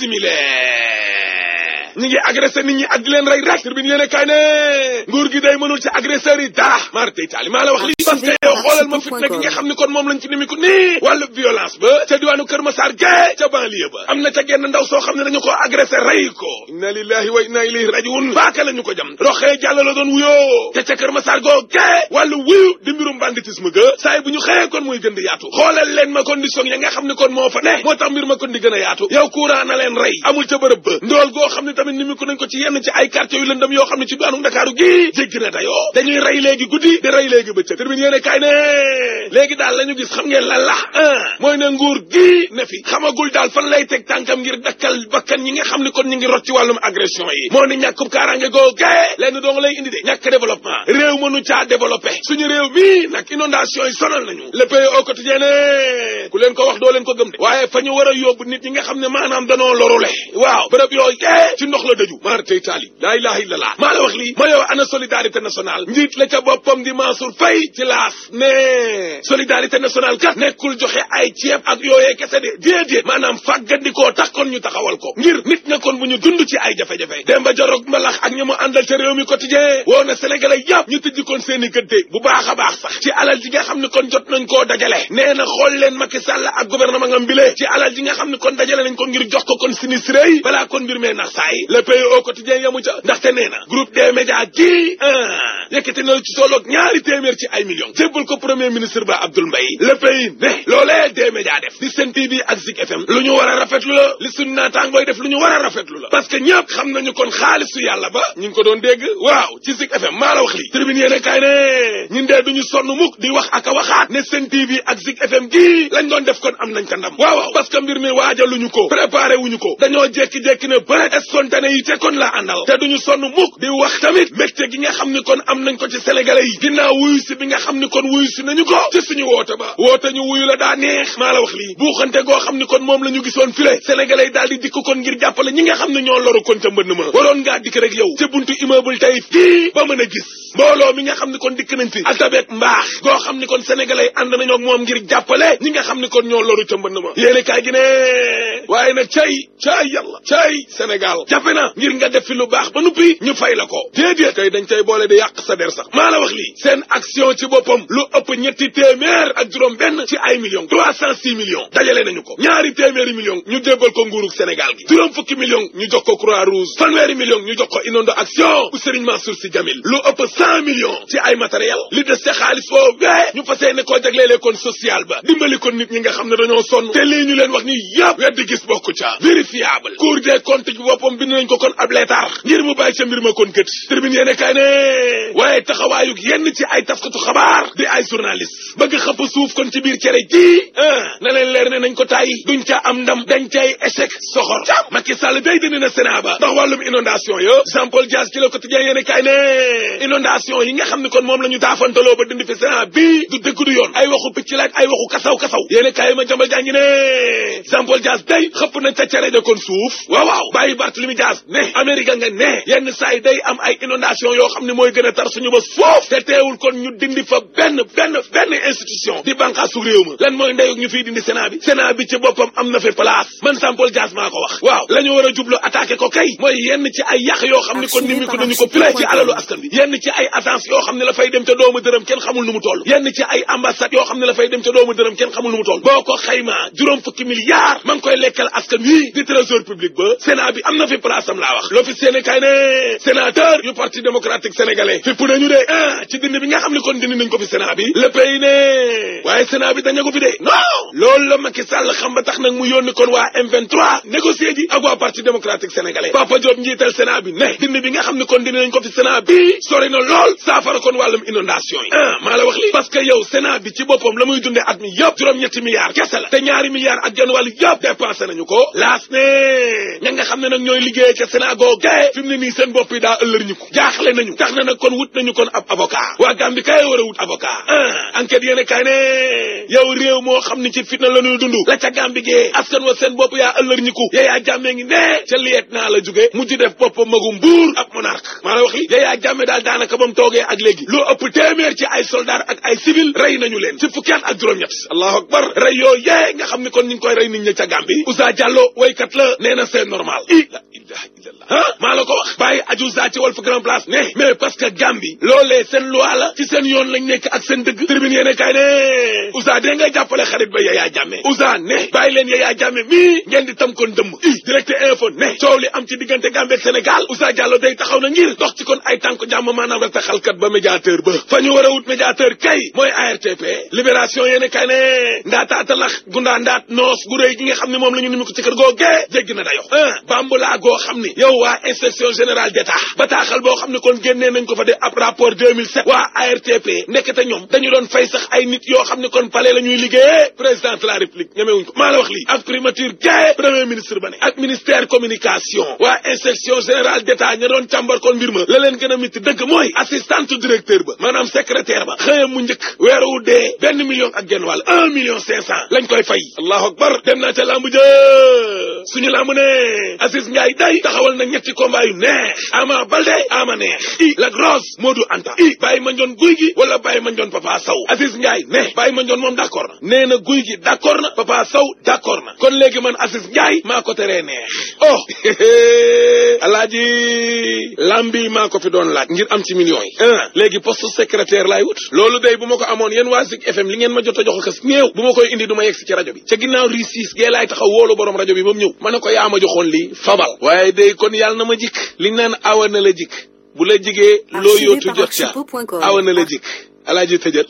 simile ñi ngi agressé nit ñi ak di leen rey rek tribune yéene kaay ne nguur gi day mënul ci agresseur yi dara maar tey taali maa la wax li parce que yow xoolal ma fitna gi nga xam ni kon moom lañ ci nimiku nii wàllu violence ba Sarr gee ca banlieue ba am na ca genn ndaw soo xam ne dañu ko agressé rey ko inna lillahi wa inna ilayhi rajiun baaka la ko jam roxee jàll la doon wuyoo te ca Kër Massar goo gee wuyu di mbirum banditisme ga saay bu ñu xëyee kon muy gën di yaatu xoolal leen ma condition ya nga xam ne kon moo fa ne moo tax mbir ma kon di gën a yaatu yow courant na leen rey amul ca bërëb ba ndool goo xam ne tamit ni mu ko nañ ko ci yenn ci ay quartier yu lëndëm yoo xam ne la la fi xamagul daal fan lay teg tànkam ngir dakkal bakkan ñi nga xam ne kon ñu ngi rot ci wàllum agression yi moo ne ñàkkub kaaraange googee lenn dong lay indi de ñàkk développement réew mënu caa développé suñu réew bi nag inondation yi sonal nañu le pays au quotidien ne ku leen ko wax doo leen ko gëm de waaye fa ñu war a yóbbu nit ñi nga xam ne maanaam danoo lorule waaw bërëb yooyu kee ci ndox la dëju maar tey taali laa ilaha illa laa maa la wax lii de déedéet maanaam fàggandikoo tax kon ñu taxawal ko ngir nit ña kon bu ñu dund ci ay jafe-jafe Demba Jorog Mbalax ak ña mu àndal ca réew mi quotidien woo na sénégalais yàpp ñu tëjji kon seen i gëdde bu baax a baax sax ci alal ji nga xam ne kon jot nañ koo dajale nee na xool leen Macky Sall ak gouvernement ngam ci alal ji nga xam ne kon dajale nañ ko ngir jox ko kon sinistré yi balaa kon mbir mee nax saa yi le pays au quotidien yamu ca ndaxte nee na groupe ci ay millions ko premier ministre ba Abdoul Mbaye le pays ne yi ak Zik FM lu ñu war a la li suñu naataangooy def lu a rafetlu la parce que xam nañu kon xaalisu yàlla ba ñu ngi ko doon dégg waaw ci Zik FM maa la wax li tribune yéene kaay ne ñun dee duñu sonn mukk di wax ak a waxaat ne seen TV ak Zik FM gii lañ doon def kon am nañ ko ndam waaw waaw parce que mbir mi waajaluñu ko préparé wuñu ko dañoo jékki-jékki ne bëret spontané yi te kon la àndal te duñu sonn mukk di wax tamit mbégte gi nga xam ni kon am nañ ko ci sénégalais yi ginnaaw wuyu si bi nga ni kon wuyu si ko ci suñu woote ba woote ñu wuyu la goo xam ni kon moom la ñu gisoon file sénégalais yi daal di dikk kon ngir jàppale ñi nga xam ne ñoo loru kon ca mbënn ma waroon ngaa dikk rek yow ca buntu immeuble tey fii ba mën a gis mbooloo mi nga xam ni kon dikk nañ fi altabek mbaax goo xam ni kon sénégalais yi ànd nañoo ak moom ngir jàppale ñi nga xam ni kon ñoo loru ca mbënn ma yéene kaay gi ne waaye nag cay cay yàlla cay sénégal jafe na ngir nga def fi lu baax ba nuppi ñu fay la ko déedéet tey dañ cay boole di yàq sa der sax maa la wax lii seen action ci boppam lu ëpp ñetti téeméer ak juróom benn ci ay cent six millions dajale ñu ko ñaari téeméeri million ñu jébbal ko nguurug Sénégal gi juróom fukki million ñu jox ko Croix Rouge fanweeri million ñu jox ko Inondo Action bu Serigne Mansour Sy Djamil lu ëpp cent ci ay matériel li des ca xaalis boobu ñu fas yéene koo kon social ba dimbali kon nit ñi nga xam ne dañoo sonn te lii ñu leen wax ni yëpp weddi gis bokku ca vérifiable Cour des comptes bi boppam bind nañ ko kon ab leetaar ngir mu bàyyi ca mbir ma kon kët tribune yéene ne tàyyi duñ ca am ndam dañ cay échec soxor cam Macky day dindi na Sénat ba ndax wàllum inondation yo Jean Paul Dias ci Le Quotidien yéen ne inondation yi nga xam ne kon moom la ñu taafantaloo ba dindi fi Sénat bii du dëgg du yoon ay waxu picc laaj ay waxu kasaw-kasaw yéen ma jambal jàngi ne Jean Paul Dias day xëpp na ca cere ja kon suuf waaw waaw bàyyi Barthélémy Dias ne Amérique nga ne yenn saa yi day am ay inondation yoo xam ne mooy gën a tar suñu bës foof te teewul di banqaa su réew lan mooy ndeyu ñu fiy dindi Sénat bi bi ci boppam am na fi place man Sampol Dias ko wax waaw la ñu war a ko kay mooy yenn ci ay yàq yoo xam ne kon ni mi ko nañu ko ci alalu askan bi yenn ci ay agence yoo xam ne la fay dem te doomu dërëm kenn xamul nu mu yenn ci ay ambassade yoo xam ne la fay dem te doomu dërëm kenn xamul nu mu boo ko xaymaa juróom fukki milliards ma koy lekkal askan wi di trésor public ba Sénat bi am na fi place am laa wax l'office sénégalais yàlla xam ba tax nag mu yónni kon waa M23 négocier ji ak waa parti démocratique sénégalais Papa Diop njiital Sénat bi ne dindi bi nga xam ne kon dindi nañ ko fi Sénat bi sori na lool saafara kon wàllum inondation yi ah maa la wax li parce que yow Sénat bi ci boppam la muy dunde at mi yëpp juróom-ñetti milliards kese la te ñaari milliards ak genn wàllu yëpp dépensé nañu ko laas ne ña nga xam ne nag ñooy liggéeye ca Sénat googee fi ne nii seen bopp yi daa ëllër ko jaaxle nañu tax na nag kon wut nañu kon ab avocat waa Gambie kay war a wut avocat ah enquête yéene ne yow réew moo xam ne ci fitna la ñuy dund la ca Gàmbi gee askan wa seen bopp yaa ëllërñiku Yaya Jammeh ngi ne ca liet naa la jóge mujj def boppam magum buur ab monarque maa la wax li Yaya Jammeh daal daanaka ba mu ak léegi loo ëpp téeméer ci ay soldat ak ay civil rey nañu leen ci fukki at ak juróom-ñett allahu akbar rey yoo yee nga xam ni kon ñu ngi koy rey nit ñi ca Gàmbi Ousa Diallo waykat la nee na c'est normal i la ilaha illallah ah maa la ko wax bàyyi aju sa ci Walf Grand Place ne mais parce que Gàmbi loolee seen la ci yoon lañ nekk ak seen dëgg tribune yéene kaay ne Ousa dee ngay jàppale xarit Bougane ne bàyyi leen Yaya mii ngeen tam kon dëmm i directe info ne coow li am ci diggante Gambie Sénégal Oussa Diallo day taxaw na ngir dox ci kon ay tànk jàmm maanaam rataxalkat ba médiateur ba fa ñu war a wut médiateur kay mooy ARTP libération yéene kay ne ndaataatalax gundaa ndaat noos gu réy gi xam ne moom la ñu ni mu ko ci kër googee jéggi na dayo ah bambulaa goo xam ni yow waa inspection générale de ab rapport 2007 waa xam ne kon palais la ñuy liggéeye président de la confirmé wuñ ko maa la wax lii ak primature gaye premier ministre ba ne ak ministère communication waa inspection générale d'état ña doon càmbar kon mbir ma la leen gën a mitti dëgg mooy assistante directeur ba maanaam secrétaire ba xëyam mu njëkk weer wu dee benn million ak genn wàll un million cinq cent lañ koy fay allahu akbar dem naa ca lamb jë suñu lamb ne Aziz Ndiaye day taxawal na ñetti combat yu neex ama balde ama neex i la grosse Modou Anta i bàyyi ma njoon guy gi wala bàyyi ma njoon papa saw na nee na guy gi d'accord na Moussa Sow d'accord na kon léegi man Assis Ndiaye maa ko teree neex oh alaaji lambi maa ko fi doon laaj ngir am ci millions yi ah léegi poste secrétaire laay wut loolu day bu ma ko amoon yéen waa Zik FM li ngeen ma jot a jox kas néew bu ma koy indi du ma yegg si ci rajo bi ca ginnaaw risis gee laay taxaw woolu borom rajo bi moom mu ñëw ma ne ko yaa ma joxoon lii fabal waaye day kon yàlla na ma jikk liñ naan awa na la jikk bu la jigee loo yootu jot ca awa na la jikk alaaji tëjal